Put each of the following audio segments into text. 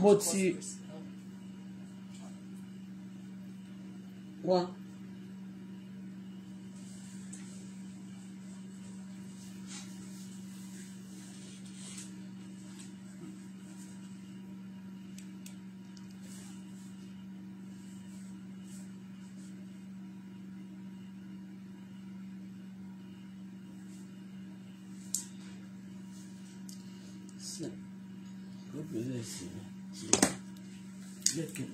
mo ti wá.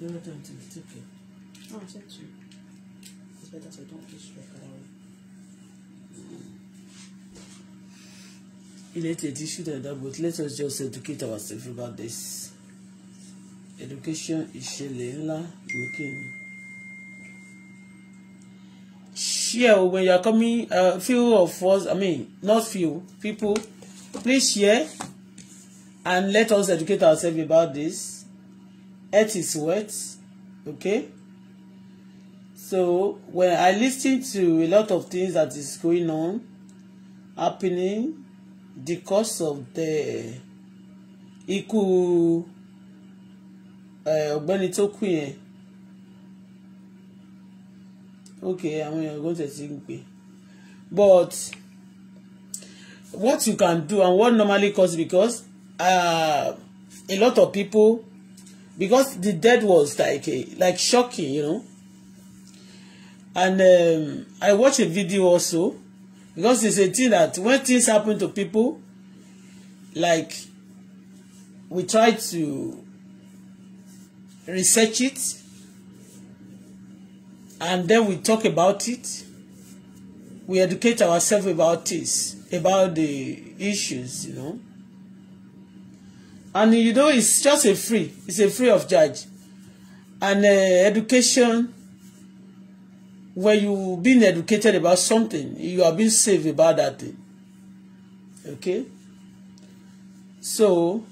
do not it's okay. Oh, it's okay. It's better so I don't push back around. Relate a issue than that, but let us just educate ourselves about this. Education is ńlá lókè ni. Share when you are coming, uh, few of us, I mean, not few people, please share and let us educate ourselves about this earth is wet okay so when I listen to a lot of things that is going on happening the cause of the ikú eh, ọ̀gbẹ́ni tó kú yẹn okay àwọn èèyàn kò tẹ̀sí ń pè but what you can do and what normally cause because uh, a lot of people because the death was like a, like shocking you know and um, I watch a video also because it's a thing that when things happen to people like we try to research it and then we talk about it we educate ourselves about this about the issues you know and you know it's just a free it's a free of charge and uh, education when you been educated about something you are being saved about that thing okay so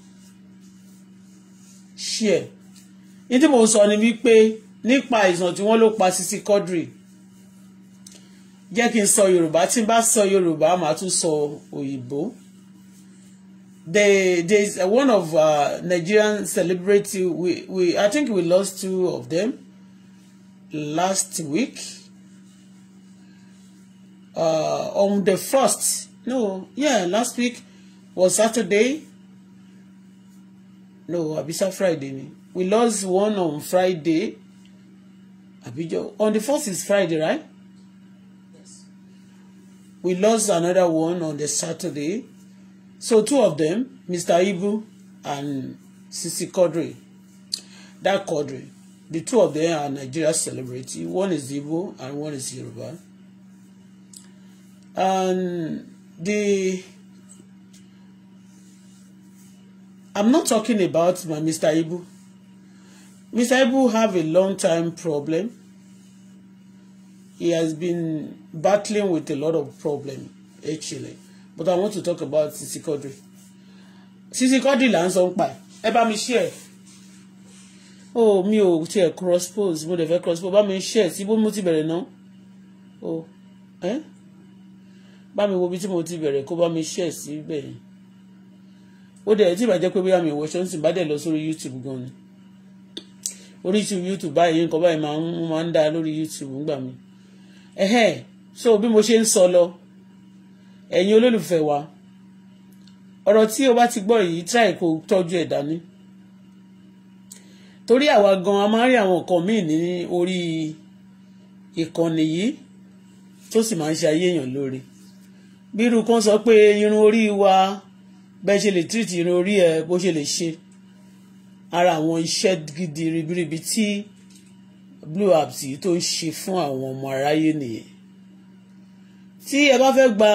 share ní tí mo sọ ni wípé nípa àìsàn tí wọ́n ló pa Sisi Quadri jẹ́ kí n sọ Yorùbá tí n bá sọ Yorùbá màá tún sọ òyìnbó. So, they there's uh, one of uh, Nigerian celebrity we we I think we lost two of them last week uh, on the first no yeah last week was Saturday no abisa Friday we lost one on Friday abijo on the first is Friday right yes we lost another one on the Saturday So two of them, Mr. Ibu and Sisi Quadri, that Quadri, the two of them are Nigeria celebrity. One is Ibu and one is Yoruba. And the I'm not talking about my Mr. Ibu. Mr. Ibu have a long time problem. He has been battling with a lot of problem actually but I want to talk about Sisi Quadri Sisi Quadri là ń sọ ń pa ẹ bá mi share o oh, mi ò tiẹ̀ cross pose mo dẹ̀ fẹ́ cross pose bá mi share sí bó mo ti bẹ̀rẹ̀ náà o oh, ẹ eh? bá mi wo bí tí mo ti bẹ̀rẹ̀ kó bá mi share sí bẹ́ẹ̀ ó dẹ̀ tí ìbàjẹ́ pé bóyá mi ìwọ ṣọ́nsìn bá dẹ̀ lọ sórí YouTube gan ni orí YouTube báyìí nǹkan báyìí máa ń máa ń dá lórí YouTube ńgbà mi ẹ̀hẹ́n so bí mo ṣe ń sọ lọ ẹ̀yin olólùfẹ́ wa ọ̀rọ̀ tí o bá ti gbọ́ yìí try kó tọ́jú ẹ̀ dání torí àwa gan a máa ń rí àwọn nǹkan míì ní orí ìkànnì yìí tó sì máa ń ṣe ayé èèyàn lóore bírú kan sọ pé irun orí wa bẹ́ẹ̀ ṣe lè treat irun orí ẹ bó ṣe lè ṣe ara àwọn iṣẹ́ gidi ribiribi tí blue apps yìí tó ń ṣe fún àwọn ọmọ aráyé nìyẹn tí ẹ bá fẹ́ gba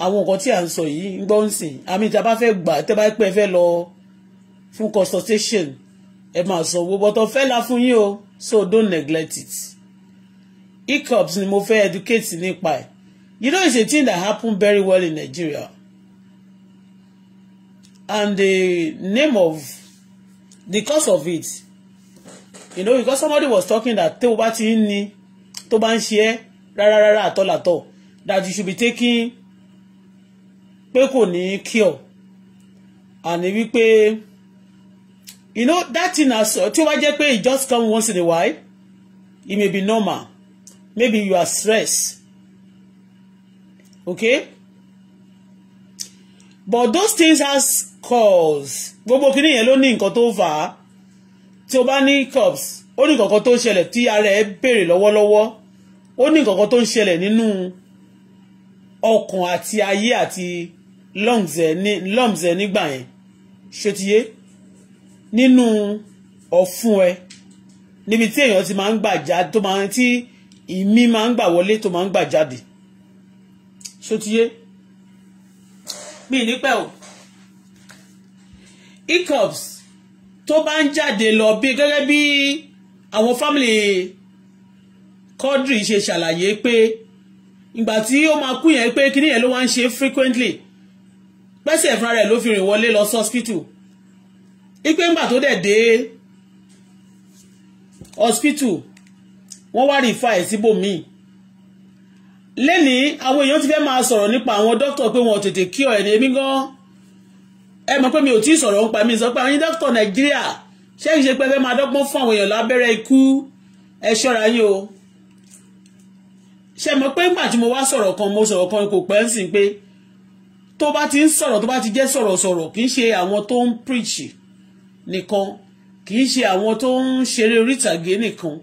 àwọn nǹkan tí à ń sọ yìí ń gbọ́ ń sìn àmì ìta bá fẹ́ gbà tẹ́ bá pẹ́ fẹ́ lọ fún consultation ẹ máa san owó bọ́tọ̀ fẹ́ la fún yín o so don't neglect it hiccups ni mo fẹ́ educate nípa ẹ̀ you know it's a thing that happen very well in Nigeria and the name of the cause of it you know because somebody was talking that tó bá ti ń ni tó bá ń ṣe ẹ́ rárá rárá àtọ́làtọ̀ that you should be taking pé kò ní cure àní wípé you know that thing as tí ó bá jẹ́ pé it just come once in a while it may be normal maybe you are stressed okay but those things has cause gbogbo kìnìún yẹn ló ní nǹkan tó fà á tí o bá ní cups ó ní nǹkan tó ń ṣẹlẹ̀ tí ara ẹ béèrè lọ́wọ́lọ́wọ́ ó ní nǹkan tó ń ṣẹlẹ̀ nínú ọkàn àti ayé àti lungs ẹ̀ ní lungs ẹ̀ nígbà yẹn ṣètìyé nínú ọ̀fun ẹ̀ níbi tí èèyàn ti máa ń gbà jáde tó máa ń tí ìmí máa ń gbà wọlé tó máa ń gbà jáde ṣètìyé mi nípẹ́ o hiccups tó bá ń jáde lọ bí gẹ́gẹ́ bí àwọn family Quadri ṣe ṣàlàyé pé ìgbà tí ó máa kú yẹn pé kíní yẹn ló wá ń ṣe frequently pẹ́sẹ̀ fúnra rẹ̀ ló fi rìn wọlé lọ sọ́spítù ipe ńgbà tó dẹ̀ dé hospital wọ́n wá rí fáì síbòmíì lẹ́nìí àwọn èèyàn ti fẹ́ máa sọ̀rọ̀ nípa àwọn dókítà pé wọn ò tètè kí ọ̀ ẹ̀ní èmi gan ẹ mọ̀ pé mi ò tí ì sọ̀rọ̀ nípa mi sọ pé àwọn dókítà nàìjíríà ṣé kìí ṣe pé ẹ fẹ́ máa dọ́gbọ́n fún àwọn èèyàn lábẹ́rẹ́ ikú ẹ ṣọ́ra yín o ṣe mọ̀ pé ńgbà tí mo wá sọ̀rọ̀ kan mo sọ̀rọ̀ kan kò pẹ́ ń sìn pé tó bá ti ń sọ̀rọ̀ tó bá ti jẹ́ sọ̀rọ̀sọ̀rọ̀ kì í ṣe àwọn tó ń preach nìkan kì í ṣe àwọn tó ń ṣeré orí ìtàgé nìkan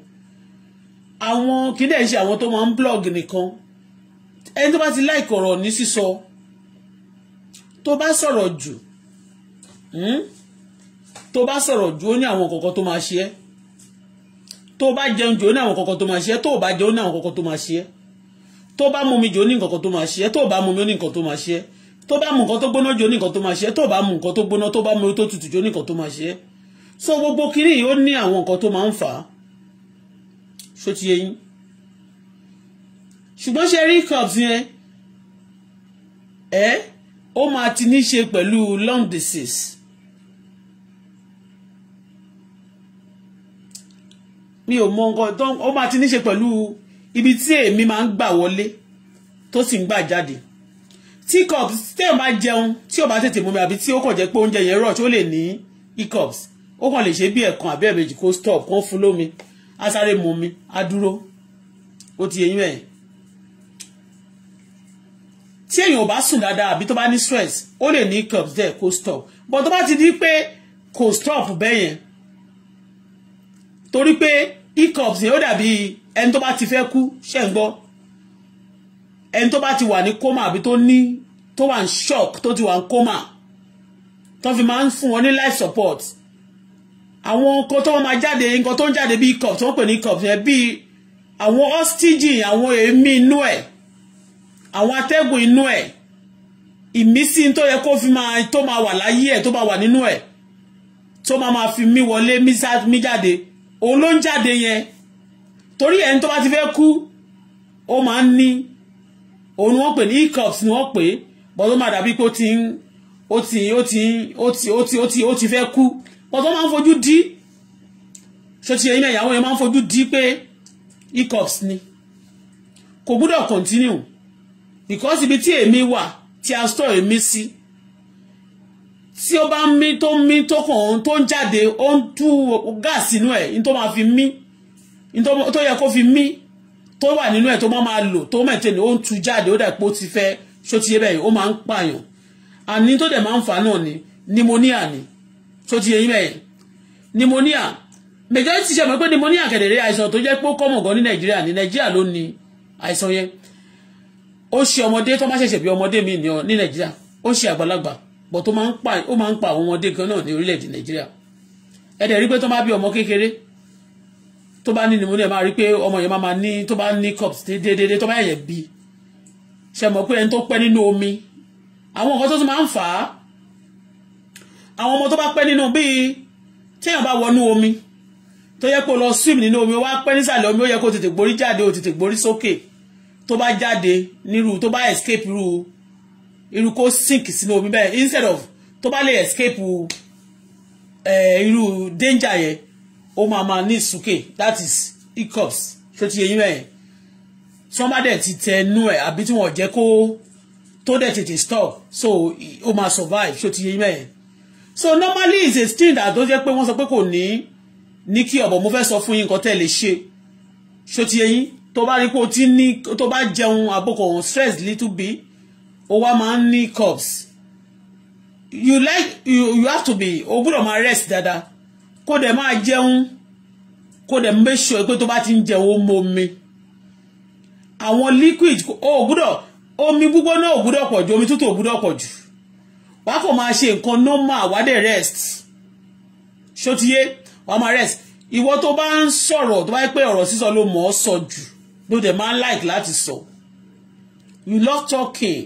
àwọn kì í dẹ̀ ṣe àwọn tó máa ń blog nìkan ẹni tó bá ti láì kọ̀rọ̀ ní sísọ tó bá sọ̀rọ̀ jù hmm, tó bá sọ̀rọ̀ jù ó ní àwọn kọ̀ọ̀kan tó máa ṣe tó bá jẹun jù ó ní àwọn kọ̀ọ̀kan tó máa ṣe tó bá jẹun ó ní àwọn kọ̀ọ̀kan tó máa ṣe tó bá mumi jù ó ní nǹkan kan tó máa ṣe tó bá mumi ó ní nǹkan tó máa ṣe tó bá mu nǹkan tó gbóná jó ní nǹkan tó máa ṣe tó bá mu nǹkan tó gbóná tó bá mu tó tutù jó ní nǹkan tó máa ṣe so gbogbo kiri ó ní àwọn nǹkan tó máa ń fà á ṣó ti ṣùgbọ́n ṣe rí cups yẹn ẹ ó máa ti ní ṣe pẹ̀lú lung disease mi ò mọ nǹkan tó ó máa ti ní ṣe pẹ̀lú ibi tí èmi máa ń gbà wọlé tó sì ń gbà jáde teacups téèyàn bá jẹun tí ó bá tètè mú mi àbí tí ó kàn jẹ́ pé oúnjẹ yẹn rọ̀ tí ó lè ní hiccups ó kàn lè ṣe bí ẹ̀kan àbí ẹ̀mejì kó stop kó fún lómi á sáré mu mi á dúró ó ti eyín ẹ̀. tí èèyàn ò bá sùn dáadáa àbí tó bá ní stress ó lè ní hiccups dẹ̀ kó stop but tó bá ti di pé kò stop bẹ́ẹ̀ yẹn torí pé hiccups yẹn ó dàbí ẹni tó bá ti fẹ́ kú ṣẹ̀ ń gbọ́ ẹni tó bá ti wà ní kómà àbí tó ní tó wà ní shock tó ti wà ní kómà tó fi máa ń fún wọn ní life support àwọn nǹkan tó wọ́n máa jáde nǹkan tó ń jáde bíi cup tó ń pè ní cup yẹn bíi àwọn hostage àwọn èémí inú ẹ̀ àwọn atẹ́gùn inú ẹ̀ ìmísí tó yẹ kó fi máa tó máa wà láyé ẹ̀ tó máa wà nínú ẹ̀ tó máa máa fi mí wọlé mí jáde òun ló ń jáde yẹn torí ẹni tó bá ti fẹ́ kú ó máa ń ní òun ni wọ́n pè ní hiccups ni wọ́n pè é bọ́dọ̀ máa dàbí pé ó ti ń ó ti ó ti ó ti ó ti ó ti ó ti fẹ́ kú bọ́dọ̀ máa ń fojú dí ṣé ti ẹyin yẹn máa ń fojú dí pé hiccups ni kò gbúdọ̀ continue because ibi tí èmi wà tí a store èmi sí tí ó bá ń mí tó ń mí tó kàn tó ń jáde ó ń tú gáàsì inú ẹ̀ ní tó máa fi mí ní tó yẹ kó fi mí tó wà nínú ẹ̀ tó bá máa lò tó mẹ̀tẹ́ ni ó ń tu jáde ó dà pé ti fẹ́ ṣó ti yé bẹ́ẹ̀ ó máa ń pààyàn àní tó dẹ̀ máa ń fà náà ni pneumonia ni ṣó ti yé yín bẹ́ẹ̀ pneumonia mẹjọ́rí ti ṣe mọ̀ pé pneumonia kẹ̀dẹ̀rẹ́ àìsàn tó jẹ́ pé ó kọ́mọ̀ gan ní nàìjíríà ní nàìjíríà ló ní àìsàn yẹn ó ṣe ọmọdé tó bá ṣẹ̀ṣẹ̀ bí ọmọdé mi ní nàìjíríà ó ṣe àgbàlagbà bọ̀ tó máa ń pa àwọn ọmọdé gan náà ní orílẹ̀-èdè nàìjíríà ẹ̀dẹ̀ rí pé tó bá bí ọmọ kékeré tó bá ní pneumonia máa rí pé ọmọ yẹn máa máa ní tó bá ní cups déédéé tó bá yẹ bí ṣe mọ̀ pé ẹni tó pẹ́ nínú omi àwọn nǹkan tó tún máa ń fà á àwọn ọmọ tó bá pẹ́ nínú bíi téèyàn bá wọnú omi tó yẹ kó lọ swim nínú omi wá pẹ́ nísàlẹ̀ omi ó yẹ kó tètè gborí jáde ó tètè gborí sókè tó bá jáde nírú tó bá escape irú irú kó sink sínú omi bẹ́ẹ̀ instead of tó bá lè escape irú eh, danger yẹn ó máa máa ní ìsúkè that is hiccups ṣé ti yẹyin rẹ̀ tí wọ́n bá dẹ̀ ti tẹ inú ẹ̀ àbí tí wọ́n jẹ́ kó tó dẹ̀ tètè stop so ó máa survive ṣé ti yẹyin rẹ̀ so normally it's a thing that tó jẹ́ pé wọ́n sọ pé kò ní ní kí ọ̀bọ̀ mo fẹ́ sọ fún yín nǹkan tẹ́ lè ṣe ṣé ti yẹyin tó bá rí pé o ti ní tó bá jẹun àbókò ọ̀hún stress little bit ó wá máa ń ní hiccups you like you, you have to be o gbọ́dọ̀ máa rest dáadáa kó dẹ̀ máa jẹun kó dẹ̀ ń bẹ́ sọ pé tó bá ti ń jẹun ó omi àwọn liquid ó gbúdọ̀ omi gbígbóná ò gbúdọ̀ pọ̀ ju omi tútù ò gbúdọ̀ pọ̀ jù wà á kò máa ṣe nǹkan normal wà á dẹ̀ rest ṣótiyé wà á máa rest ìwọ tó bá ń sọ̀rọ̀ tó bá yẹ pé ọ̀rọ̀ sísọ ló mọ̀ ọ́ sọ jù ló dẹ̀ máa ń like láti sọ you love talking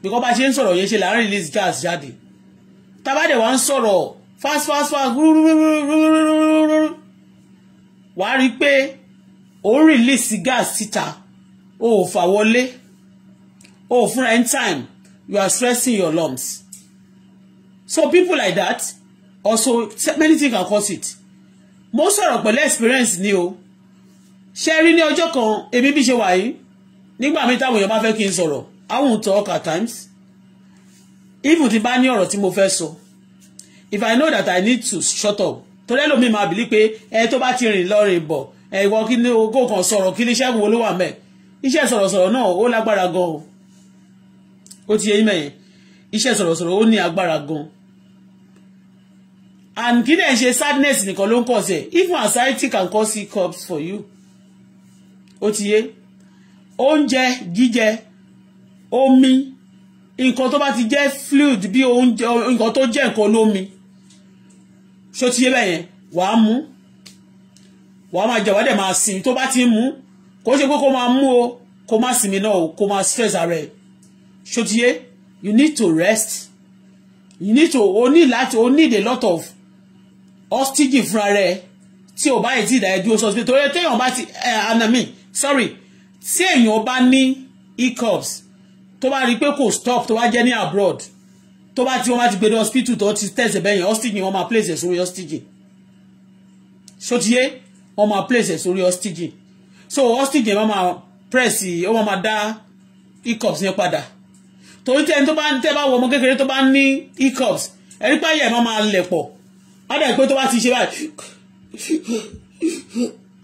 bí kò bá ṣe ń sọ̀rọ̀ yẹn ṣe là release gas jáde tábàdẹ̀ wà ń sọ̀rọ̀ fast fast fast wà á rí i pé ó ń release gas síta ó ò fà wọlé ó ò fúnra time you are stressing your lungs so people like that also many things can cause it mo sọ̀rọ̀ pẹ̀lú experience ni o ṣe rí ní ọjọ́ kan èmi bí ṣe wà yìí nígbà mi táwọn èèyàn bá fẹ́ kí n sọ̀rọ̀ I won't talk at times even tí bá ní ọ̀rọ̀ tí mo fẹ́ sọ. So if i know that i need to shut up torí ẹlòmíì máa bìlí pé ẹ tó bá ti rìn lọ rìn bọ̀ ẹ ìwọ kí ni ogó kan sọ̀rọ̀ kí ni iṣẹ́ wo ló wà mẹ́ iṣẹ́ sọ̀rọ̀sọ̀rọ̀ náà ó lágbára gan o ó ti yẹ yín mẹ́yìn iṣẹ́ ó ní agbára gan and kí náà ṣe sadness nìkan ló ń kọ̀ sí ẹ̀ even anxiety can cause hiccups for you ó ti yé oúnjẹ jíjẹ omi nǹkan tó bá ti jẹ́ fluid bí oúnjẹ nǹkan tó jẹ́ nǹkan lómi ṣó ti yé bẹ́yẹn wàá mú wàá máa jẹ wàá dẹ̀ máa sinmi tó bá ti ń mú kò ṣe pé kó máa mú o kó má sinmi náà o kó máa stress ara ẹ̀ ṣó ti yé you need to rest you need to o need láti o need a lot of hostage fúnra rẹ̀ tí o bá yìí ti ìdáyẹ dúró sọ́sibí torí téèyàn bá ti ẹ̀ anami sorry tí èèyàn bá ní hiccups tó bá rí i pé kò stop tó bá jẹ́ ní abroad tó bá ti wọ́n bá ti gbé ní hospital tó ti tẹ̀sẹ̀ bẹ́yìn hostage wọ́n máa place ẹ̀ sórí hostage sotiye wọ́n máa place ẹ̀ sórí hostage so hostage wọ́n máa press wọ́n máa dá ecos yẹn padà torí tẹ́ni tó bá ń tẹ́ bá wọ ọmọ kékeré tó bá ń ní hiccups ẹ̀rí páyà ẹ̀ máa lẹ̀ pọ̀ ádà pé tó bá ti ṣe báyìí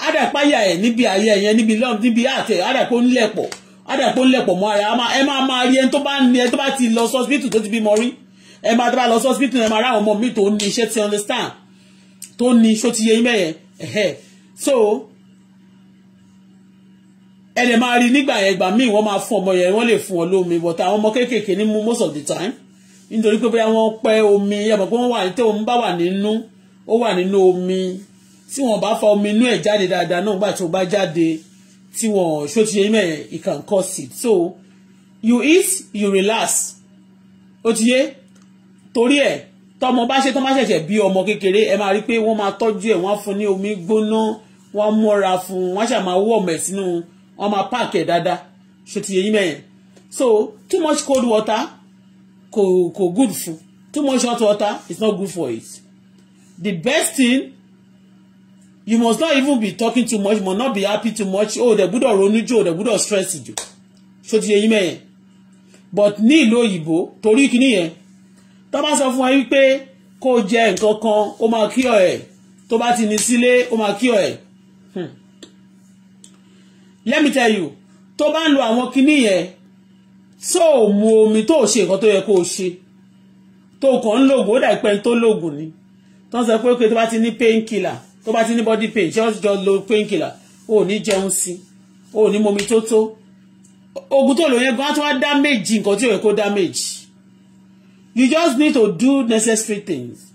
ádà páyà ẹ̀ níbi ayé ẹ̀yẹn níbi lọ́n níbi àtẹ̀ ádà pé ó ń lẹ̀ pọ̀ ádà pé ó ń lẹ̀ pọ̀ mọ́ ara ẹ máa máa rí ẹni tó bá ti lọ sọ́sibítù tó ti bímọ rí ẹ máa tó lọ sí hospital ẹ máa rá àwọn ọmọ mi tó ní iṣẹ́ ti understand tó ní iṣó ti yẹ yín bẹ́yẹn so ẹ lè máa rí nígbà yẹn gbà míì wọ́n máa fún ọmọ yẹn wọ́n lè fún ọ lómi but àwọn ọmọ kéékèèké ní mú most of the time nítorí pé bóyá wọ́n pẹ́ omi yàtọ̀ pé wọ́n wà ní tí omi bá wà nínú ó wà nínú omi tí wọ́n bá fa omi inú ẹ̀ jáde dáadáa náà gbà tí ó bá jáde tí wọ́n ṣó ti yẹ yín bẹ́yẹn it can cause it so you eat you relax ó ti yé torí ẹ̀ tọmọ bá ṣe tán bá ṣẹ̀ṣẹ̀ bí ọmọ kékeré ẹ máa rí pé wọ́n máa tọ́jú ẹ̀ wọ́n fún ní omi gbóná wọ́n á fún wọ́n ṣà máa wọ̀ mẹ̀ sínú wọ́n máa páàkì ẹ̀ dáadáa ṣe ti yẹyìn mẹ́yìn so too much cold water kò kò good fún too much hot water is not good for it the best thing you must not even be talking too much you must not be happy too much o dẹ̀ gbúdọ̀ ronú jù o dẹ̀ gbúdọ̀ stress jù ṣe ti yẹyìn mẹ́yìn but ní ìlú òyìnbó torí kíní yẹn tó bá sọ fún wa wípé kó jẹ nǹkan kan ó máa kí ọ ẹ tó bá ti ní sílé ó máa kí ọ ẹ hmm. let me tell you tó bá ń lo àwọn kinní yẹn tó ò mu omi tó ò ṣe nǹkan tó yẹ kó o ṣe tó kàn ń lògùn ó dàgbẹ́ tó lògùn ni tó ń sọ pé pé tó bá ti ní painkiller tó bá ti ní body pain ṣé ó ti jọ lo painkiller ó ní jẹun sí ó ní momi tó tó oògùn tó lò yẹn gan á tún wá damage nǹkan tí ò yẹ kó damage you just need to do necessary things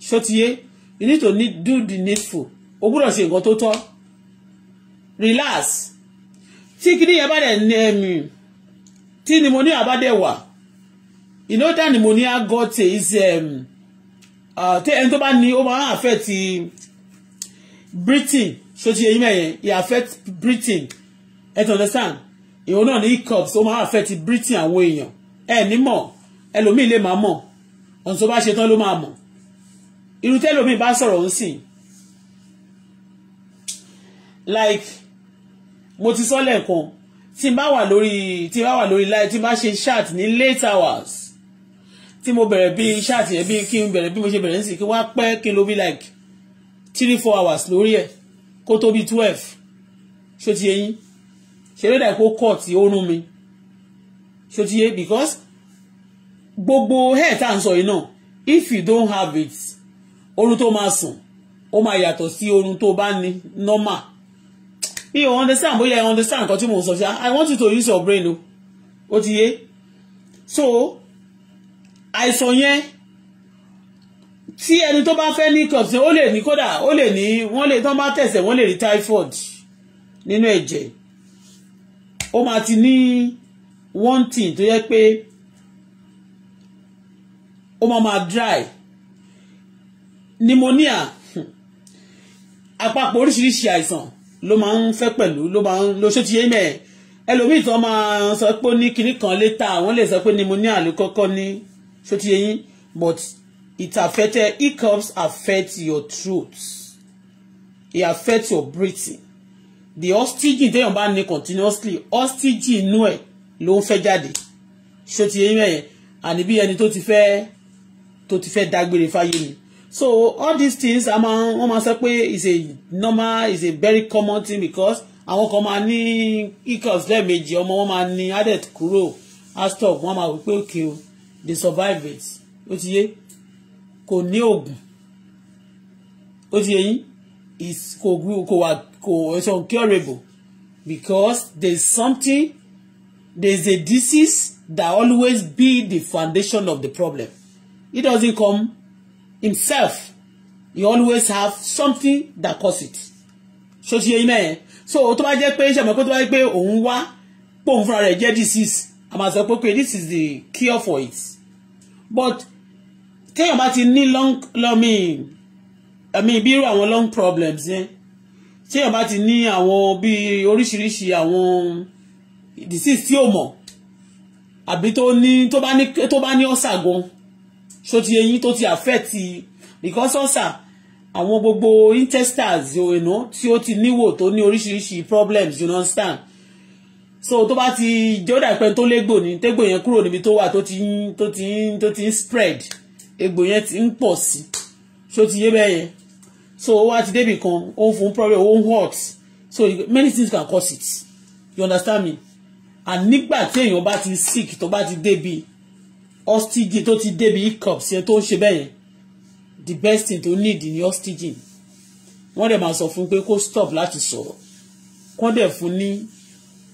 ṣọtiyé you need to need, do the needful o gbúdọ̀ ṣe nǹkan tó tọ́ relax tí kìíní yẹn bá dẹ̀ ní ẹ̀mí tí pneumonia bá dẹ̀ wà you know that pneumonia got is um, uh, ẹni tó bá ní ó máa affect breathing ṣọtiyé yín mẹ́yẹn e affect breathing ẹ̀ tó understand ìwọ náà ní hiccups ó máa affect breathing àwọn èèyàn ẹ̀ ní mọ̀ ẹlòmíì lè máa mọ̀ ọ̀n tó bá ṣe tán ló máa mọ̀ irú tẹ́lòmíì bá sọ̀rọ̀ ń sìn like mo ti sọ lẹ́ẹ̀kan tí n bá wà lórí tí n bá wà lórí láì tí n bá ṣe chat ní late hours tí mo bẹ̀rẹ̀ bí chat yẹn bí kí n bẹ̀rẹ̀ bí mo ṣe bẹ̀rẹ̀ ń sìn kí n wá pẹ́ kí n lo bí like three four hours lórí ẹ̀ kó tó bí twelve ṣó ti yẹ yín ṣeré dà kó kọ̀ tí ó rún mi ṣó ti yẹ because gbogbo hair tá à ń sọ yìí náà if you don't have it oorun tó máa sùn ó máa yàtọ̀ sí oorun tó bá ní normal mi ò understand bóyá i understand nǹkan tí mo sọ ṣá i want you to use your brain o ó ti yé so àìsàn yẹn tí ẹni tó bá fẹ́ ní cups ó lè ní kódà ó lè ní wọ́n lè tán bá tẹ̀sẹ̀ wọ́n lè rí typhoid nínú ẹ̀jẹ̀ ó máa ti ní one thing tó yẹ pé ó máa máa dry pneumonia hmm, àpapọ̀ oríṣiríṣi àìsàn ló máa ń fẹ́ pẹ̀lú ló máa ń lo ṣé ti yé mẹ́ẹ̀ ẹlòmíì tó máa sọ pé ó ní kinní kan létà àwọn lè sọ pé pneumonia ló kọ́kọ́ ní ṣé ti yé yín but it affected hiccups affect your throat it affect your breathing the oxygen téèyàn bá ní continuously oxygen inú ẹ̀ ló ń fẹ́ jáde ṣé ti yé yín mẹ́yẹn àní bí ẹni tó ti fẹ́ tó ti fẹ́ dágbére fáyé ni so all these things a máa wọ́n máa sọ pé is a normal is a very common thing because àwọn kan máa ní hiccups lẹ́ẹ̀mejì ọmọ wọn máa ní adet kúrò astop wọn máa wí pé òkè o they survive it ó ti yé kò ní oògùn ó ti yé yín kò kò wà kò it's uncurable because there is something there is a disease that always be the foundation of the problem He doesn't come himself. He always have something that cause it. So ti yẹn mẹ́yẹn. So tó bá jẹ́ pé ṣe mọ̀ pé tó bá jẹ́ pé òun wá pòun fúnra rẹ̀ jẹ́ disease. A sọ pé this is the cure for it. But téèyàn bá ti ní long lọ́mìn ẹ̀mí bí irú àwọn long problems yẹn téèyàn bá ti ní àwọn bí oríṣiríṣi àwọn disease tí ò mọ̀ àbí tó ní tó bá ní ọ̀sà gan-an so ti eyín tó ti affect because ulcer àwọn gbogbo intestines you know, tí ó ti níwò tó ní oríṣiríṣi problems you understand so tó bá ti jọ́dà pẹ́ tó légbò ní tégbò yẹn kúrò níbi tó wà tó ti ń tó ti ń tó ti ń spread egbò yẹn ti ń pọ̀ sí so ti yé bẹ́ẹ̀ yẹn so ó wá ti débì kan ó ń fún problem ó ń hot so many things can cause it you understand me and nígbà tí èèyàn bá ti sick tó bá ti débi hostage tó ti débi hiccup sí ẹ tó ń ṣe bẹ́ẹ̀ yẹn the best thing tó need ni hostage wọ́n dẹ̀ máa sọ fún pé kó stop láti sọ̀rọ̀ kọ́ dẹ̀ fún ní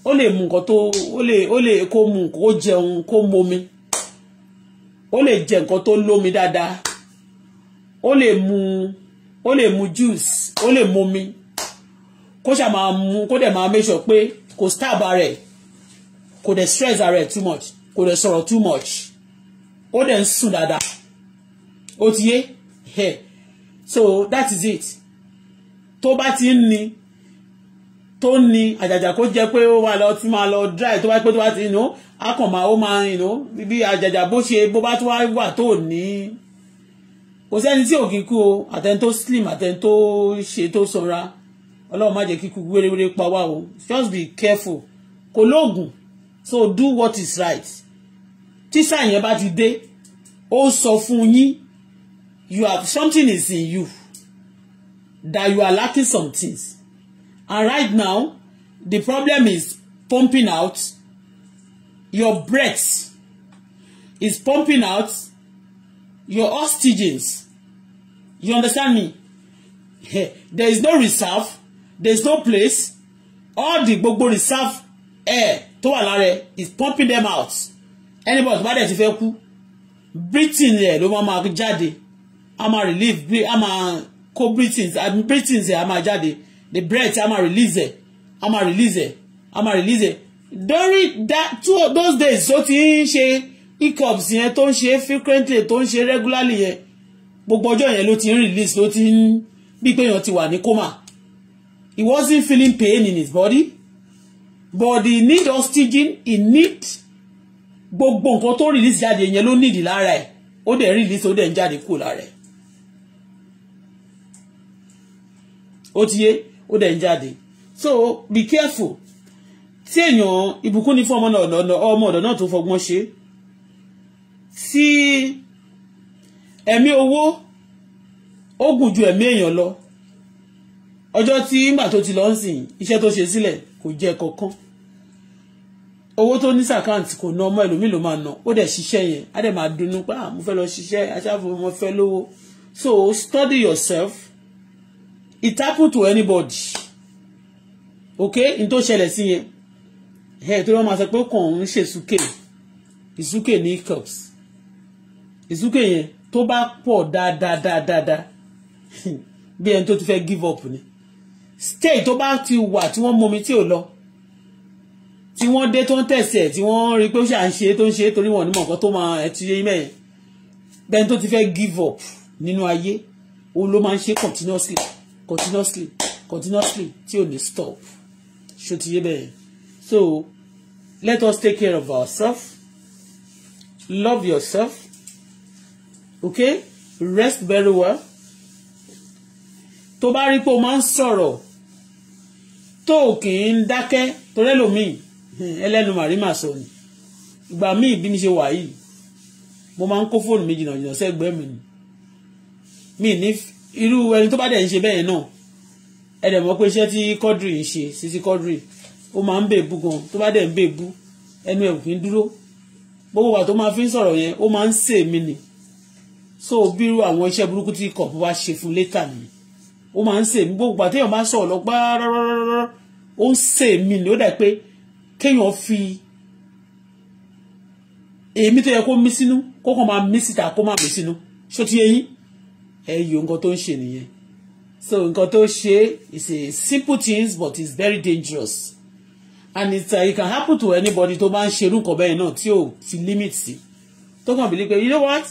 ó lè mú nǹkan tó ó lè ó lè kó mú kó jẹun kó momi ó lè jẹ nǹkan tó lómi dáadáa ó lè mu ó lè mu juice ó lè momi kó ṣà máa mu kó dẹ̀ máa make sure pé kò starve ara ẹ̀ kò dẹ̀ stress ara ẹ̀ too much kò dẹ̀ sọ̀rọ̀ too much ó dẹ̀ ń sùn dáadáa ó ti yé ẹ̀ so that is it tó bá ti ń ni tó ń ni àjàjà kó jẹ́ pé ó wà lọ tí máa lọ dry tó bá pé tó bá ti nù á kàn máa ó máa ń nù bí àjàjà bó ṣe bó bá tó wá wà tó ní kò sẹ́ni tí ò kú o àtẹni tó slim àtẹni tó ṣe tó sanra ọlọ́run má jẹ́ kíkú wérewére pa wá o just be careful kò lóògùn so do what is right tíṣà yẹn bá ti dé ó sọ fún yín you have something is in you that you are lacking some things and right now the problem is pumping out your breath is pumping out your oxygens you understand me there is no reserve there is no place all the gbogbo reserve air tó wà lára is pumping them out anybody bá dẹ̀ ti fẹ́ kú britain rẹ̀ ló máa máa jáde a máa relieve a máa kó britain britain rẹ̀ a máa jáde the breath a máa release ẹ̀ a máa release ẹ̀ a máa release ẹ̀ during that two those days ó ti ń ṣe hiccups yẹn tó ń ṣe frequently tó ń ṣe regularly yẹn gbogbo ọjọ́ yẹn ló ti ń release ló ti ń bí pé èèyàn ti wà ní coma he wasn't feeling pain in his body but he need oxygen he need gbogbo nǹkan tó release jáde yẹn ló nídìí lára ẹ̀ ó dẹ̀ release ó dẹ̀ ń jáde kúrò lára ẹ̀ ó ti yé ó dẹ̀ ń jáde so be careful tí èèyàn ìbùkún ní fún ọmọ ọ̀dọ̀ ọmọ ọ̀dọ̀ náà tó fọgbọ́n ṣe tí ẹ̀mí owó ó gùn ju ẹ̀mí èèyàn lọ ọjọ́ tí ńgbà tó ti lọ ń sìn iṣẹ́ tó ṣe sílẹ̀ kò jẹ́ kankan owó tó ní sàkáǹtì kò ná ọmọ ẹlòmíì ló máa ná ó dẹ̀ ṣiṣẹ́ yẹn á dẹ̀ máa dunnú pé ah, mo fẹ́ lọ ṣiṣẹ́ aṣáfo mo fẹ́ lówó so study yourself it happen to anybody okay n tó ṣẹlẹ̀ sí yẹn ẹ̀ tó lọ́ máa sọ pé kàn ń ṣe sùkè ìsúkè ní cups ìsúkè yẹn tó bá pọ̀ dáadáadáadáa bí ẹni tó ti fẹ́ give up ni stage tó bá ti wà tí wọ́n mú tí ò lọ tí wọ́n dé tó ń tẹ̀sí ẹ̀ tí wọ́n rí pé ó ṣà ń ṣe tó ń ṣe torí wọn onímọ̀ nǹkan tó máa ẹ̀ ti yé mẹ́yìn bẹ́ẹ̀ tó ti fẹ́ give up nínú ayé òun ló máa ń ṣe continuously continuously continuously tí ò ní stop ṣó ti yé bẹ́ẹ̀ so let us take care of ourselves love yourself okay rest very well tó bá rí pé o máa ń sọ̀rọ̀ tó kì í dákẹ́ torí ẹlòmíì ẹlẹ́nu màrí mà sọ ni ìgbà míì bí mi ṣe wà yìí mo máa ń kó fóònù mi jìnnà jìnnà sẹ́gbẹ́ mi ni mi ní irú ẹni tó bá dẹ̀ ń ṣe bẹ́ẹ̀ náà ẹ dẹ̀ mọ̀ pé iṣẹ́ tí kọ́dìrì ń ṣe Sisi kọ́dìrì ó máa ń bèbú gan tó bá dẹ̀ ń bèbú ẹnu ẹ̀ kì í dúró gbogbo wa tó máa fi ń sọ̀rọ̀ yẹn ó máa ń sè mí ni so bírú àwọn iṣẹ́ burúkú tí kọ̀ wá ṣe fún létà ni ó máa ń sè mí gbogbo àtẹ̀yàn bá sọ̀rọ̀ lọ gbárárárá ni ó dà kéèyàn fi èmi tó yẹ kó mí sínú kó kàn máa mí síta kó máa mí sínú ṣó ti yé yín ẹ yọ nǹkan tó ń ṣe nìyẹn so nǹkan tó ṣe is a simple things but it's very dangerous and it's, uh, it can happen to anybody tó bá ń ṣerú nǹkan bẹ́ẹ̀ náà tí ò fi limit sí tó kàn bìlí pé you know what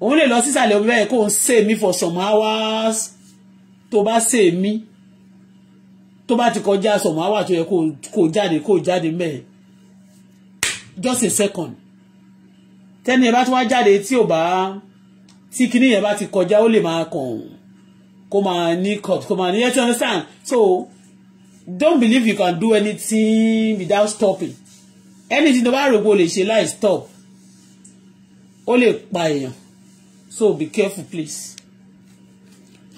òun lè lọ sísàlẹ̀ omi bẹ́ẹ̀ kó ń sè mí for some hours tó bá sè mí tó bá ti kọjá sọmọ àwa tó yẹ kó jáde kó jáde mẹ́ẹ̀ just a second tẹ́ni ẹ bá tún wá jáde tí ò bá tí kinní yẹn bá ti kọjá ó lè máa kàn kó máa ní cut kó máa ní yẹn to understand so don't believe you can do anything without stopping anything tó bá rògbò lè ṣe láì stop ó lè pa èèyàn so be careful please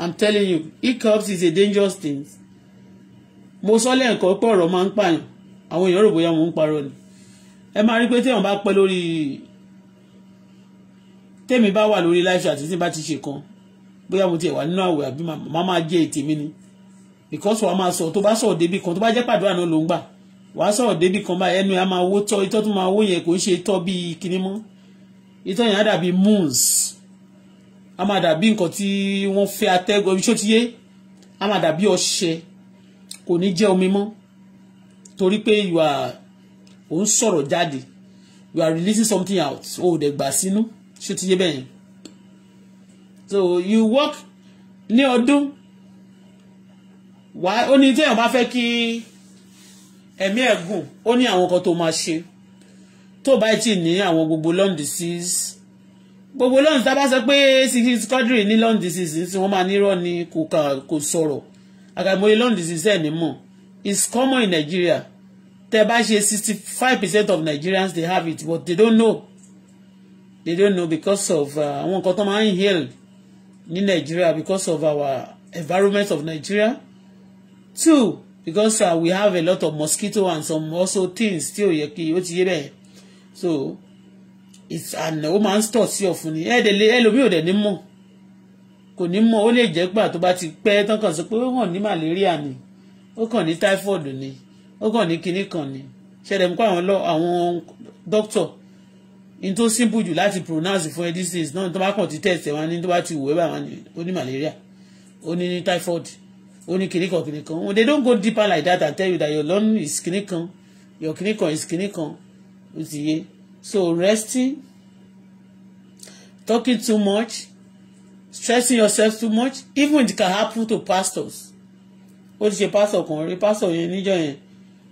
i'm telling you hiccups is a dangerous thing mo sọ lẹ́ẹ̀kọ́ pé ọ̀rọ̀ máa ń pààyàn àwọn èèyàn rò bóyá mò ń parọ́ ni ẹ máa rí pé téèyàn bá pẹ́ lórí tèmi bá wà lórí live chat tí bá ti ṣe kan bóyá mo ti wà nínú àwẹ̀ àbí màmá máa jẹ́ ètè mi ni because wàá máa sọ tó bá sọ̀rọ̀ débì kan tó bá jẹ́ pàdúrà náà ló ń gbà wàá sọ̀rọ̀ débì kan báyìí ẹnu ẹ̀ á máa wó tọ́ itọ́ tó máa wó yẹn kò ń ṣe tọ́ bíi kinní mọ́ itọ́ yẹn á dàbí moons á máa dàbí nǹkan tí wọ́n fẹ́ atẹ́gùn ibi tó ti yé á máa dàbí ọṣẹ kò ní jẹ́ omi mọ́ torí pé you are ò ń sọ̀rọ̀ jáde you are releasing something out o ò dẹ̀ gbà sínú ṣé ti yé bẹ́yẹn so you work ní ọdún wà ó ní téèyàn bá fẹ́ kí ẹ̀mí ẹ̀ gùn ó ní àwọn kan tó máa ṣe tó bá ti ní àwọn gbogbo lung disease gbogbo lung tá a bá sọ pé sixty quadri ní lung disease tí wọ́n máa nírọ̀ ni kò sọ̀rọ̀ àkàìmọye lọ́nà ìsinsẹ́ ni mọ̀ it's common in Nigeria tẹ bá ṣe sixty five percent of Nigerians they have it but they don't know they don't know because of uh, àwọn nǹkan tó máa ń inhale ní Nigeria because of our environment of Nigeria two because uh, we have a lot of mosquito and some also things tí ò yẹ kí ó ti yé bẹ́ẹ̀ so it's an ó máa ń store sí ọ̀fun ni ẹ̀ ẹ̀ lómi ò dẹ̀ ní mọ̀ kò ní mọ̀ ó lè jẹ́ pé tó bá ti pẹ́ tán kàn sọ pé ó hàn ní malaria ni ó kàn ní typhoid ni ó kàn ní kinní kan ni ṣẹlẹ̀ mú kó àwọn àwọn doctor in tó simple jù láti pronounce fún ẹ these days náà tó bá kàn ti test ẹ wọn ni tó bá ti wò ẹ báwọn ni ó ní malaria ó ní ní typhoid ó ní kinní kan kinní kan they don't go deeper like that and tell you that your lung is kinní kan your kinní kan is kinní kan ó ti yé so resting talking too much stressing yourself too much even it can happen to pastors ó ti ṣe pastor kan rí pastor yẹn níjọ yẹn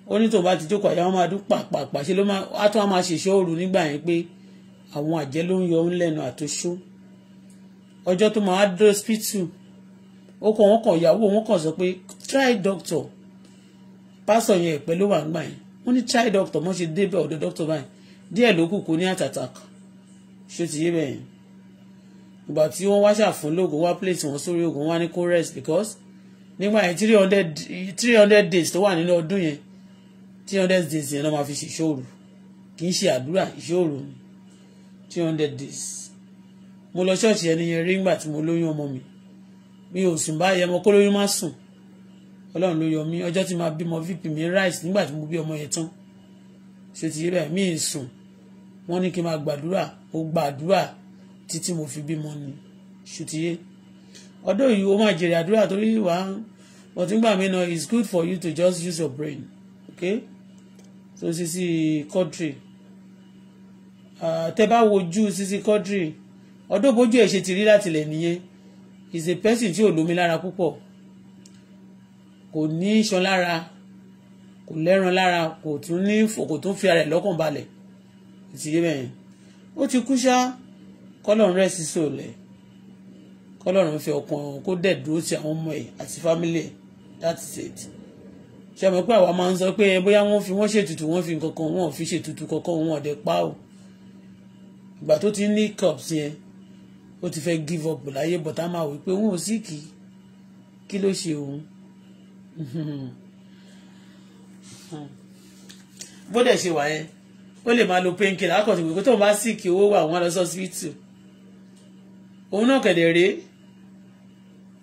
ó ní tó bá ti jókòó àyà wọn máa dún pàpàpà ṣe ló máa á tún á máa ṣèṣe òru nígbà yẹn pé àwọn àjẹ́ ló ń yọ ń lẹ́nu àtòṣó ọjọ́ tó máa dé hospital ó kàn wọ́n kàn ìyàwó wọn kàn sọ pé try doctor pastor yẹn ẹ̀pẹ́ ló wà ń gbà yẹn ó ní try doctor mo ṣe débẹ̀ ọ̀dọ̀ doctor báyìí díẹ̀ ló kù kó ní àtàtà kan ṣó ti yé bẹ́ẹ̀ ìgbà tí wọ́n wá ṣàfún lóògùn wá place wọn sórí oògùn wá ní kó because nígbà yẹn three hundred three hundred days tó wà nínú ọdún yẹn three hundred days yẹn náà máa fi ṣe ìṣòro kì í ṣe àdúrà ìṣòro three hundred days mo lọ ṣọ́ọ̀ṣì ẹni yẹn rí nígbà tí mo lóyún ọmọ mi mi ò sùn báyìí ẹmọ kó lóyún má sùn ọlọ́run ló yọ mí ọjọ́ tí máa bímọ vp mi rice nígbà tí mo bí ọmọ yẹn tán ṣe ti yé bẹ́ẹ̀ mi ì sùn wọ́n ní kí n máa gbàdúrà ó gbàdúrà títí mo fi bímọ ni ṣùtìyé ọdún yìí o máa jèrè àdúrà torí wà á but nígbà mí náà it's good for you to just use your brain okay so Sisi country. tẹ bá wojú Sisi Quadri ọdún bójú ẹ̀ ṣe ti rí látìlẹ̀ nìyẹn is a person tí ò lómi lára púpọ̀ kò ní iṣan lára kò lẹ́ran lára kò tún ní kò tún fi ara ẹ̀ lọ́kàn balẹ̀ ìtìyé bẹ́ẹ̀ ó ti kú ṣáá kọ́lọ́run rẹ̀ sísè òlẹ̀ kọ́lọ́run fi ọkàn kó dẹ̀ dúró ti àwọn ọmọ ẹ̀ àti fámílì ẹ̀ that is it ṣe mọ̀ pé àwa máa ń sọ pé bóyá wọ́n fi wọ́n ṣètùtù wọ́n fi nǹkan kan wọ́n fi ṣètùtù kankan wọ́n ọ̀dẹ̀ pa ò ìgbà tó ti ní cups yẹn ó ti fẹ́ give up láyé but a máa wí pé òun ò sí kì í kí ló ṣe òun bó dẹ̀ ṣe wà yẹn ó lè máa lo painkiller akọ̀tìwé pé tóun bá sí kì owó wà wọ́n lọ sọ́sibítù òun náà kẹ̀dẹ̀ rèé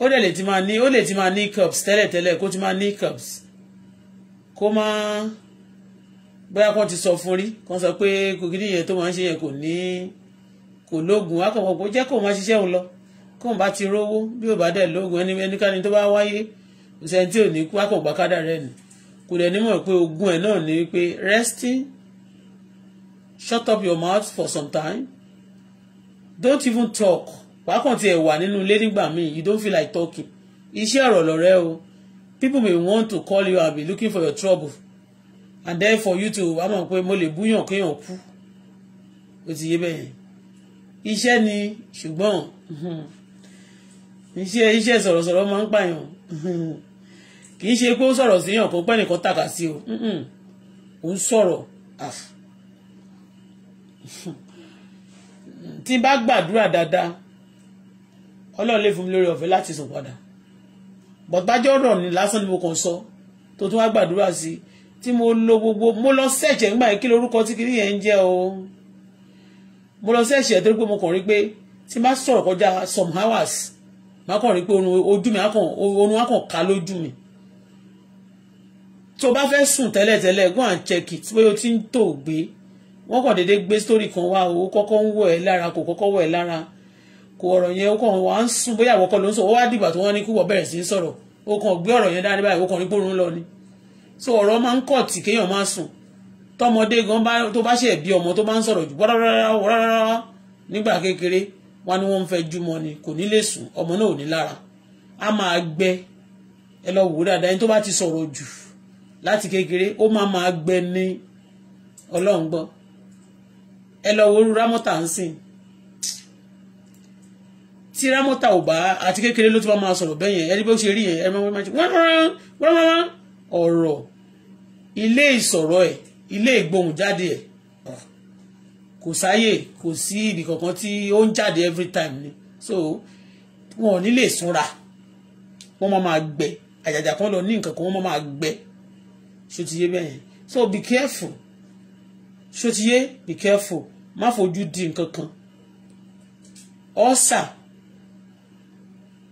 ó dẹ̀ lè ti máa ní ó lè ti máa ní cups tẹ́lẹ̀tẹ́lẹ̀ kó ti máa ní cups kó máa bóyá kó ti sọ fún rí kó sọ pé kòkìní yẹn tó máa ń ṣe yẹn kò ní kò lóògùn akọ̀kọ̀ kó jẹ́ kó máa ṣiṣẹ́ òun lọ kó n bá ti rówó bí ò bá dẹ̀ lóògùn ẹni ẹnikẹ́ni tó bá wáyé kò sẹ́ni tí ò ní kú akọ̀gbá kádà rẹ̀ nì kò dẹ̀ nímọ̀ pé ogún ẹ̀ náà ní pé resting shut up your mouth for some time don't even talk wákàn tiẹ̀ wà nínú ilé nígbà míì you don't feel like talking iṣẹ́ ọ̀rọ̀ lọ̀rẹ́ o people may want to call you and be looking for your trouble and then for you to wá mọ̀ pé mo lè búyàn kéèyàn kú o ti yé bẹ́ẹ̀ iṣẹ́ ni ṣùgbọ́n iṣẹ́ iṣẹ́ sọ̀rọ̀sọ̀rọ̀ máa ń pààyàn kì í ṣe pé ó sọ̀rọ̀ síyàn kó pẹ́ nìkan tàkà sí o ò ń sọ̀rọ̀ ah. tí bá gbàdúrà dáadáa ọlọ́run lè fún mi lórí ọ̀fẹ́ láti sùn padà bọ̀dájọ́ rọ̀ ni lásán ni mo kàn sọ tó tún wá gbàdúrà sí tí mo lo gbogbo mo lọ sẹ́ẹ̀chẹ̀ nígbà yẹn kí lorúkọ tí kiri yẹn ń jẹ́ o mo lọ sẹ́ẹ̀chẹ̀ tó rí pé mo kàn rí pé tí n bá sọ̀rọ̀ kọjá some hours má kàn rí pé ojú mi oorun á kàn ká lójú mi tó bá fẹ́ sùn tẹ́lẹ̀tẹ́lẹ̀ go and check it bóyá o ti ń tò gbé wọ́n kàn déédéé gbé story kan wá o kọ́kọ́ ń wọ̀ ẹ́ lára kò kọ́kọ́ wọ̀ ẹ́ lára kò ọ̀rọ̀ yẹn ó kàn wá ń sùn bóyá àwọn kan ló ń sọ ó wá dìgbà tó wọ́n ní kí wọ́n bẹ̀rẹ̀ sí í sọ̀rọ̀ ó kàn gbé ọ̀rọ̀ yẹn dání báyìí ó kàn rí gbóòórùn lọ ni so ọ̀rọ̀ máa ń kọ̀ tì kéèyàn máa sùn tọmọdé gan tó bá ṣe bí ọmọ tó bá ń sọ̀rọ̀ jù nígbà kékeré wọn ni wọ́n ń fẹ́ jùmọ̀ ni kò ní lè sùn ọmọ náà ò ní lára a máa gbẹ ẹ lọ wò dáadáa ẹni tó bá ti sọ̀rọ̀ jù láti kékeré ó máa máa gbẹ ní ọlọ́run ẹ lọ wo rúra mọ́ta ń sìn tí rámọ́tà ò bá àti kékeré ló ti bá máa sọ̀rọ̀ bẹ́yẹn ẹni bó ṣe rí yẹn ẹni wọ́n máa ṣe wọ́nmọ́nmọ́ ọ̀rọ̀ ilé ìsọ̀rọ̀ ẹ̀ ilé ìgbohùnjáde ẹ̀ kò sáyè kò sí ibì kankan tí ó ń jáde every time ni so wọn ò ní lè súnra wọn máa máa gbẹ àjàjà kan lọ ní nǹkan kan wọn máa máa gbẹ ṣó ti yé bẹ́yẹn so be careful ṣó ti yé be careful má fojú di nǹkan kan ọ̀sà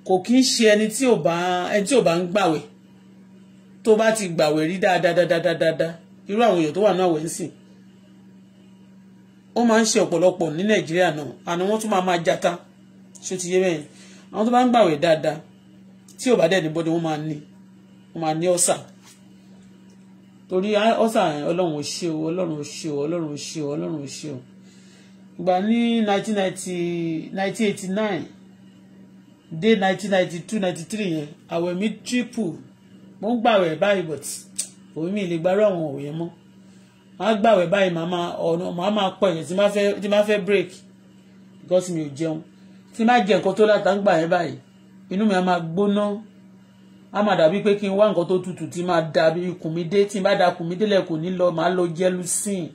kò kí ń ṣe ẹni tí ò bá ẹni tí ò bá ń gbàwẹ̀ tó bá ti gbàwẹ̀ rí dáadáadáadáa irú àwọn èèyàn tó wà ní àwẹ̀ ń sìn ó máa ń ṣe ọ̀pọ̀lọpọ̀ ní nàìjíríà náà àná wọ́n tún máa máa jata ṣó ti yé bẹ́yẹn àwọn tó bá ń gbàwẹ̀ dáadáa tí ò bá dẹ̀ ní bọ́dẹ̀ wọ́n máa ní wọ́n máa ní ọ̀sà torí ọ̀sà ọlọ́run ò ṣe o ọlọ́run ò ṣe o ọlọ́run ò ṣe o ọlọ́run ò ṣe o ìgbà ní nineteen ninety nineteen eighty nine dé 1992, 93. two ninety three yẹn àwẹ̀ mi triple mo ń gbàwẹ̀ báyìí but òun mi lè gbárù àwọn òye mọ́ màá gbàwẹ̀ báyìí màá máa ọ̀nà màá máa pọ̀ ẹ̀yẹ tí má fẹ́ tí má fẹ́ break because mi ò jẹun tí má jẹ nǹkan tó láta ń gbà yẹn báyìí inú mi á máa gbóná á máa dàbí pé kí n wá nǹkan tó tutù tí má dàbí ikùn mi dé tí n bá da kùn mi délẹ̀ kò ní lọ màá lọ jẹ́lu sín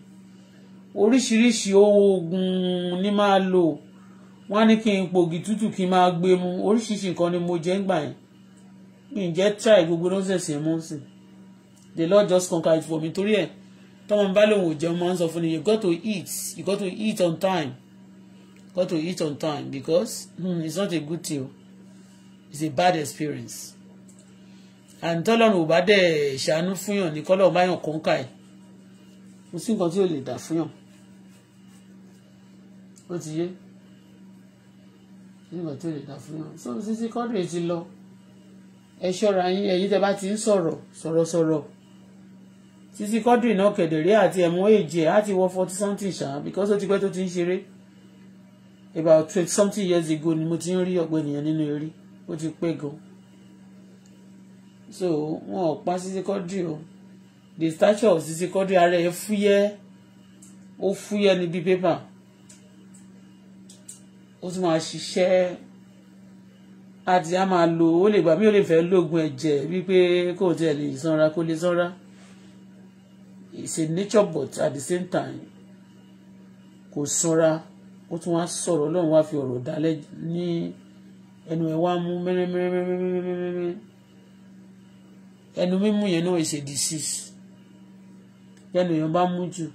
oríṣiríṣi oògùn ni máa lò wọ́n ní kí n pògì tútù kí n máa gbé mu oríṣiríṣi nǹkan ni mo jẹ́ ń gbà yẹn mi ń jẹ́ try gbogbo nonsense yẹn mọ́ sí the Lord just conquer it for me torí ẹ̀ tọ́mọ bá lòun ò jẹun máa ń sọ fún ni you got to eat you got to eat on time you got to eat on time because hmm, it's not a good thing it's a bad experience and tọ́lọ́run ò bá dẹ̀ ṣàánú fúnyàn ní kọ́lọ́run bá yàn kọ́ńkà ẹ̀ kò sí nǹkan tí ò lè dà fúnyàn ó ti yé nígbà tó lè dá fún náà so Sisi Quadri ti lọ ẹ ṣọ́ra yín ẹ̀yin tẹ́ bá ti ń sọ̀rọ̀ sọ̀rọ̀sọ̀rọ̀ Sisi Quadri náà kẹ̀dẹ̀rẹ́ àti ẹ̀mọ́ èjì ẹ̀ á ti wọ forty something ṣá because ó ti pẹ́ tó ti ń ṣeré about twenty something years ago ni mo ti ń rí ọ̀pọ̀ ènìyàn nínú eré ó ti pẹ́ gan so wọn ò pa Sisi Quadri o the stature of Sisi Quadri ara ẹ̀ fúyẹ́ ó fúyẹ́ níbi paper ó tún máa ṣiṣẹ́ àti a máa lo ó lè gbà mí ó lè fẹ́ lóògùn ẹ̀jẹ̀ wípé kò tiẹ̀ lè sanra kó lè sanra it's a nature but at the same time kò sanra ó tún wá sọ̀rọ̀ ọlọ́run wá fi ọ̀rọ̀ dálẹ̀ ní ẹnu ẹ̀ wá mú mẹ́rẹ́mẹ́rẹ́mẹ́rẹ́mẹ́rẹ́ ẹnu mímú yẹn náà is a disease ẹnu yẹn bá mú jù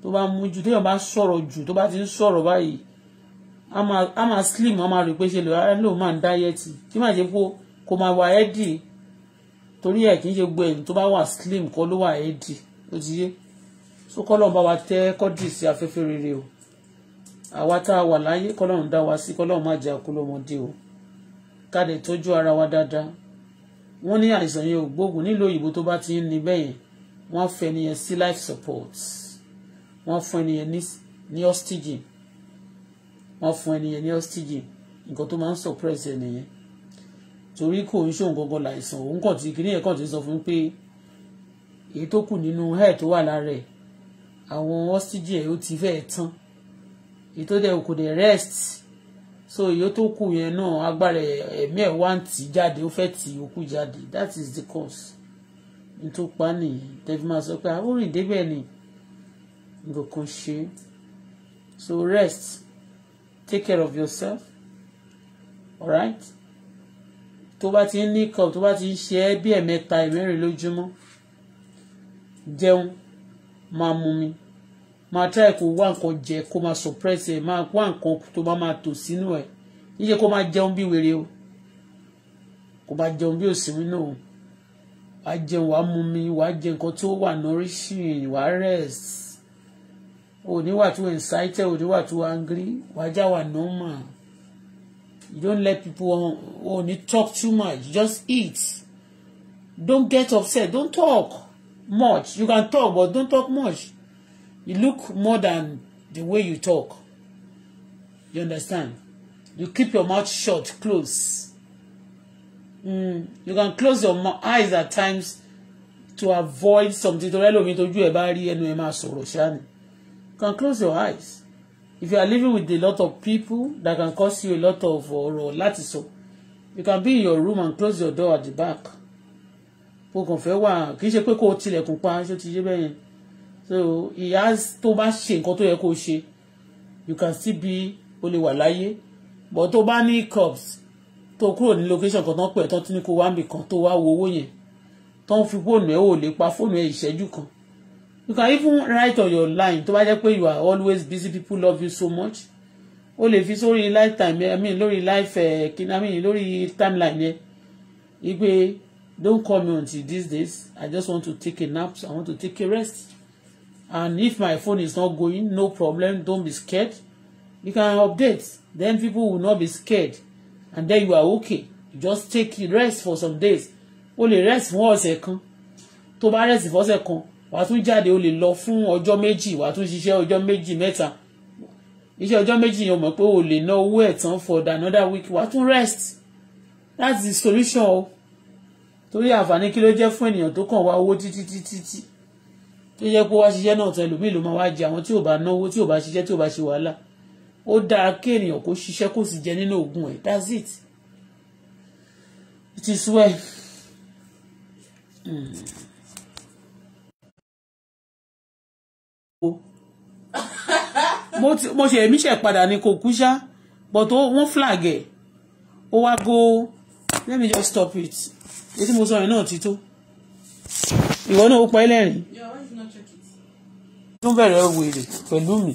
tó bá mú jù téèyàn bá sọ̀rọ̀ jù tó bá ti ń sọ̀rọ̀ báyìí a máa slim a máa rò pé ṣe lò á lò máa ń dáyẹ̀tì kí má ṣe pé kò máa wà ẹ́dì torí ẹ̀ kì í ṣe gbogbo tó bá wà slim kọ́ ló wà ẹ́dì ó ti yé so kọ́lọ́n bá wa tẹ́ kọ́dì sí afẹ́fẹ́ rere o àwa tá a wà láyé kọ́lọ́n dá wa sí kọ́lọ́n má jẹ́ àkúlọ́mọdé o ká lè tọ́jú ara wa dáadáa wọ́n ní àìsàn yẹn ò gbóògùn nílò òyìnbó tó bá ti ń ní bẹ́ẹ̀ yẹn wọ́n fẹ́ ẹni sí life support wọ́n fún ẹni yẹn ní hostage wọ́n fún ẹni yẹn ní hostage nǹkan tó máa ń suppress ẹni yẹn torí kò ń ṣòun gangan láìsàn òun kàn ti kíní yẹn kàn ti sọ fún pé èyí tó kù nínú hair tó wà lára ẹ̀ àwọn hostage ẹ̀ ó ti fẹ́ẹ̀ tán èyí tó dẹ̀ kò dẹ̀ rest so èyí tó kù yẹn náà agbára ẹ̀mí ẹ̀ wá ń tì jáde ó fẹ́ tì òkú jáde that is the cause n tó pa nìyí tẹ́fí máa sọ pé àwòrán ah, ìdébẹ̀ ni nǹkan kan ṣe so rest take care of yourself alright tó bá ti ń ní cup tó bá ti ń ṣe ẹ́ bí ẹ̀mẹ́ta ẹ̀mẹ́rin lójúmọ́ jẹun máa mu mi máa try kó wá nǹkan jẹ kó máa suppress ẹ máa wá nǹkan tó bá máa tò sínú ẹ níṣẹ́ kó máa jẹun bí wèrè o kó máa jẹun bí òsínwín náà wàá jẹun wàá mu mi wàá jẹ nǹkan tó wà nourishing wàá rest òní wà too excited òní wà too angry wájà wà normal you don't let people òní talk too much just eat don't get upset don't talk much you can talk but don't talk much you look more than the way you talk you understand you keep your mouth shut close mm, you can close your eyes at times to avoid something torí ẹlòmíì tójú ẹ bá rí ẹnu ẹ máa sọ̀rọ̀ ṣáà ni can close your eyes if you are living with a lot of people that can cause you a lot of ọ̀rọ̀ láti sọ you can be in your room and close your door at the back o kàn fẹ́ wà kì í ṣe pé kó o pa ṣó ti yé bẹ́yẹn so ìyá tó bá ṣe nǹkan tó yẹ kó ṣe you can still be o lè wà láyé but tó bá ní cups tó kúrò ní location kan tán pẹ̀ tán tí ní kó wá nbì kan tó wá wo owó yẹn tán fi fóònù ẹ̀ ò lè pa fóònù ẹ̀ ìṣẹ́jú kan you can even write on your line To bá jẹ́ pé you are always busy people love you so much o lè fi sórí lifetime i mean lórí life uh, i mean lórí timeline yẹn igbe don't call me until these days i just want to take a nap i want to take a rest and if my phone is not going no problem don't be scared you can update then people will not be scared and then you are okay you just take rest for some days o lè rest fún ọ̀sẹ̀ kan tó bá rest fún ọ̀sẹ̀ kan wàá tún jáde o lè lọ fún ọjọ́ méjì wàá tún ṣiṣẹ́ ọjọ́ méjì mẹ́ta iṣẹ́ ọjọ́ méjì yẹn mọ̀ pé o lè ná owó ẹ̀ tán for another week wàá tún rest that's the solution o torí àǹfààní kí ló jẹ́ fún ènìyàn tó kàn wá owó títí títí tí tó jẹ́ pé wá ṣiṣẹ́ náà tán ẹlòmíì ló máa wá jẹ àwọn tí ò bá náwó tí ò bá ṣiṣẹ́ tí ò bá ṣe wàhálà ó dáa kí ènìyàn kó ṣiṣẹ́ kó sì jẹ nínú oògùn ẹ̀ that's it it is well. Mm. mo ṣe èmi ṣe padà ní kò kú ṣá but wọ́n flag ẹ̀ ó wá go let me just stop it ètí mo sọ yẹn náà ti tó ìwọ náà ó pa ẹlẹ́rìn ló bẹ̀rẹ̀ wèrè pẹ̀lú mi.